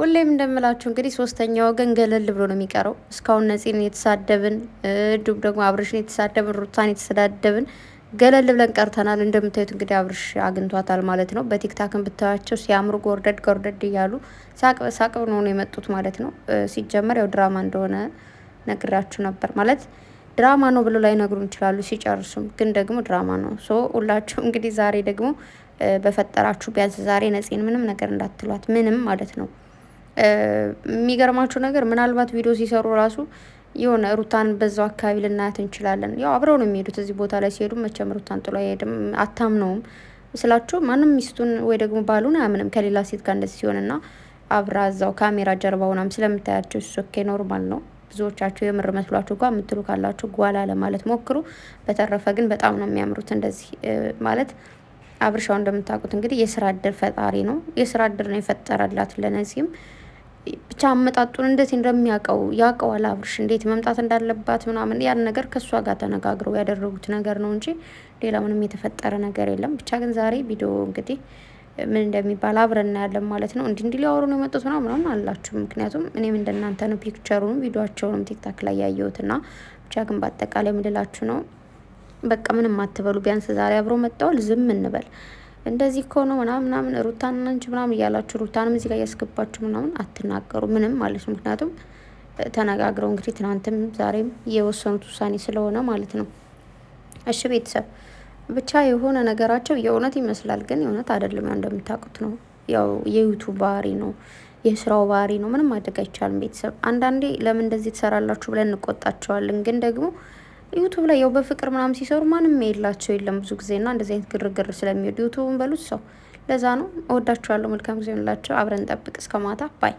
ሁሌም እንደምላችሁ እንግዲህ ሶስተኛ ወገን ገለል ብሎ ነው የሚቀረው። እስካሁን ነፂን የተሳደብን እንዲሁም ደግሞ አብርሽን የተሳደብን ሩታን የተሰዳደብን ገለል ብለን ቀርተናል። እንደምታዩት እንግዲህ አብርሽ አግኝቷታል ማለት ነው። በቲክታክን ብታያቸው ሲያምሩ ጎርደድ ጎርደድ እያሉ ሳቅ ሳቅ ነው የመጡት ማለት ነው። ሲጀመር ያው ድራማ እንደሆነ ነግራችሁ ነበር ማለት ድራማ ነው ብሎ ላይ ነግሩ እንችላሉ። ሲጨርሱም ግን ደግሞ ድራማ ነው። ሶ ሁላችሁ እንግዲህ ዛሬ ደግሞ በፈጠራችሁ ቢያንስ ዛሬ ነፂን ምንም ነገር እንዳትሏት ምንም ማለት ነው። የሚገርማችሁ ነገር ምናልባት ቪዲዮ ሲሰሩ ራሱ የሆነ ሩታን በዛው አካባቢ ልናያት እንችላለን። ያው አብረው ነው የሚሄዱት። እዚህ ቦታ ላይ ሲሄዱ መቼም ሩታን ጥሎ አይሄድም። አታምነውም ስላችሁ ማንም ሚስቱን ወይ ደግሞ ባሉን አያምንም ከሌላ ሴት ጋር እንደዚህ ሲሆንና አብራ እዛው ካሜራ ጀርባ ሆናም ስለምታያቸው ሶኬ ኖርማል ነው። ብዙዎቻቸው የምር መስሏችሁ ጓ የምትሉ ካላችሁ ጓላ ለማለት ሞክሩ። በተረፈ ግን በጣም ነው የሚያምሩት። እንደዚህ ማለት አብርሻው እንደምታውቁት እንግዲህ የስራ እድል ፈጣሪ ነው። የስራ እድል ነው የፈጠረላት ለነዚህም ብቻ አመጣጡን እንዴት እንደሚያውቀው ያውቀዋል። አብርሽ እንዴት መምጣት እንዳለባት ምናምን ያን ነገር ከእሷ ጋር ተነጋግረው ያደረጉት ነገር ነው እንጂ ሌላ ምንም የተፈጠረ ነገር የለም። ብቻ ግን ዛሬ ቪዲዮ እንግዲህ ምን እንደሚባል አብረን እናያለን ማለት ነው። እንዲህ እንዲህ ሊያወሩ ነው የመጡት ምናምን ምናምን አላችሁ። ምክንያቱም እኔም እንደናንተ ነው ፒክቸሩንም ቪዲዮቸውንም ቲክታክ ላይ ያየሁትና ብቻ ግን በአጠቃላይ ምልላችሁ ነው በቃ ምንም አትበሉ። ቢያንስ ዛሬ አብሮ መጥተዋል፣ ዝም እንበል። እንደዚህ ከሆነ ምናምን ምናምን ሩታን አንቺ ምናምን እያላችሁ ሩታንም እዚህ ጋር እያስገባችሁ ምናምን አትናገሩ ምንም ማለት ነው። ምክንያቱም ተነጋግረው እንግዲህ ትናንትም ዛሬም የወሰኑት ውሳኔ ስለሆነ ማለት ነው። እሺ ቤተሰብ ብቻ የሆነ ነገራቸው የእውነት ይመስላል፣ ግን የእውነት አይደለም። ያው እንደምታውቁት ነው። ያው የዩቱብ ባህሪ ነው፣ የስራው ባህሪ ነው። ምንም ማድረግ አይቻልም ቤተሰብ። አንዳንዴ ለምን እንደዚህ ትሰራላችሁ ብለን እንቆጣቸዋለን፣ ግን ደግሞ ዩቱብ ላይ ያው በፍቅር ምናምን ሲሰሩ ማንም የላቸው የለም ብዙ ጊዜ ና እንደዚህ አይነት ግርግር ስለሚወዱ ዩቱብን በሉት ሰው ለዛ ነው። እወዳችኋለሁ። መልካም ጊዜ ሆንላቸው። አብረን ጠብቅ እስከ ማታ ባይ